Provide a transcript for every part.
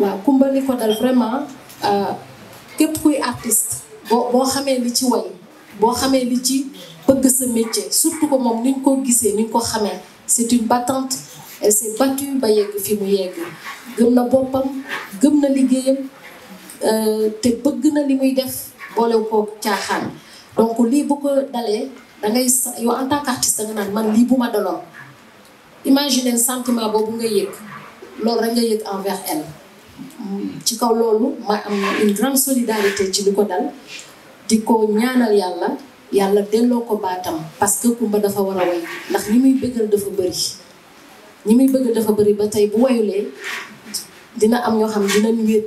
waaw Coumba ko dal vraiment euh, képp kuy artiste boo boo xamee li ci way boo xamee li ci bëgg sa métier surtout que moom ni ñu ko gisee ni ñu ko xamee c'est une battante elle s'est battue ba yegg fi mu yegg gëm na boppam gëm na liggéeyam euh, te bëgg na li muy def boolew ko caaxaan donc lii bu ko dalee da ngay yow en tant qu'artiste da nga naan man lii bu ma daloon imagine sentiment boobu nga yëg loolu rek nga yëg envers elle ci kaw loolu ma am na une grande solidarité ci li ko dal di ko ñaanal yàlla yàlla delloo ko baatam parce que Kumba dafa war a way ndax ñi muy bëggal dafa bëri ñi muy bëgg dafa bëri ba tey bu wayulee dina am ñoo xam dinañ wéet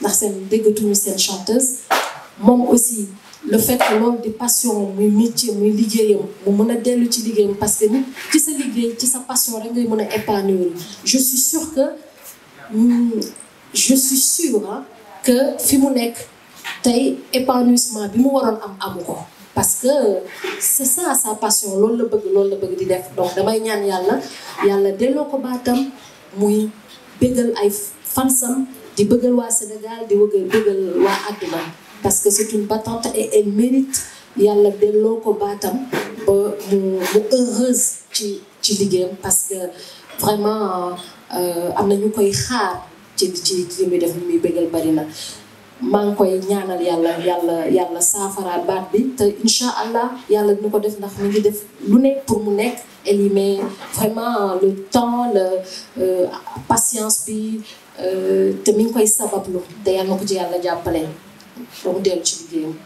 ndax seen déggatuñu seen chanteuse moom aussi le fait que di passion muy métier muy liggéeyam mu mën a dellu ci liggéeyam parce que nit ci sa liggéey ci sa passion rek ngay mën a épanouir je suis que Hmm, je suis sûre que fi mu nekk tey épanouissement bi mu waroon am amu ko parce que c'est ça sa passion loolu la bëgg loolu la bëgg di def donc damay ñaan yàlla yàlla delloo ko baatam muy bëggal ay fansam di bëggal waa Sénégal di bëggal waa àdduna parce que c'est une battante et elle mérite yàlla delloo ko baatam ba mu heureuse ci ci liggéeyam parce que vraiment euh, am na ñu koy xaar ci ci ci li muy def ni muy bëggal bari na maa ngi koy ñaanal yàlla yàlla yàlla saafaraal baat bi te incha allah yàlla dina ko def ndax mi ngi def lu nekk pour mu nekk elle y lu vraiment le temps le euh, patience bi euh, te mi ngi koy sabablu te yàlla na ko ci yàlla jàppale donc dellu ci liggéeyam.